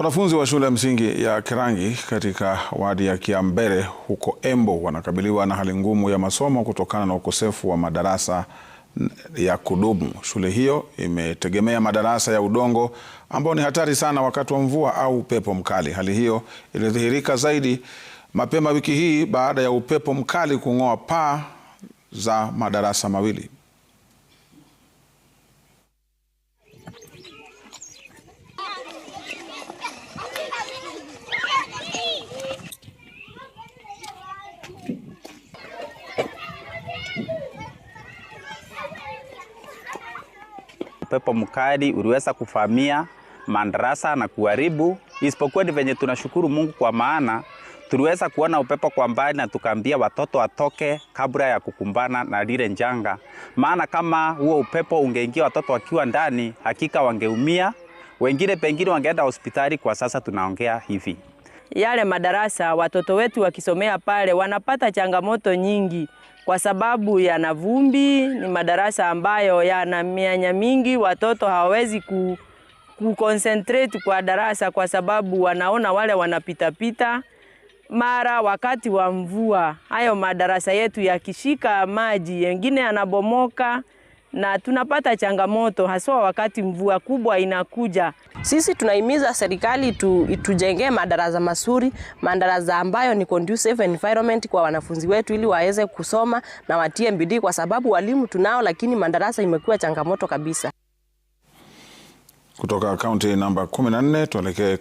Wanafunzi wa shule ya msingi ya Kirangi katika wadi ya Kiambere huko Embo wanakabiliwa na hali ngumu ya masomo kutokana na ukosefu wa madarasa ya kudumu. Shule hiyo imetegemea madarasa ya udongo ambao ni hatari sana wakati wa mvua au upepo mkali. Hali hiyo ilidhihirika zaidi mapema wiki hii baada ya upepo mkali kung'oa paa za madarasa mawili. upepo mkali uliweza kuvamia madarasa na kuharibu, isipokuwa ni venye tunashukuru Mungu kwa maana tuliweza kuona upepo kwa mbali na tukaambia watoto watoke kabla ya kukumbana na lile njanga, maana kama huo upepo ungeingia watoto wakiwa ndani, hakika wangeumia, wengine pengine wangeenda hospitali. Kwa sasa tunaongea hivi yale madarasa, watoto wetu wakisomea pale wanapata changamoto nyingi, kwa sababu yana vumbi. Ni madarasa ambayo yana mianya mingi, watoto hawawezi ku kuconcentrate kwa darasa kwa sababu wanaona wale wanapitapita. Mara wakati wa mvua, hayo madarasa yetu yakishika maji, yengine yanabomoka na tunapata changamoto, haswa wakati mvua kubwa inakuja. Sisi tunahimiza serikali tu, tujengee madarasa mazuri, madarasa ambayo ni conducive environment kwa wanafunzi wetu ili waweze kusoma na watie bidii, kwa sababu walimu tunao, lakini madarasa imekuwa changamoto kabisa. Kutoka kaunti namba 14 tuelekee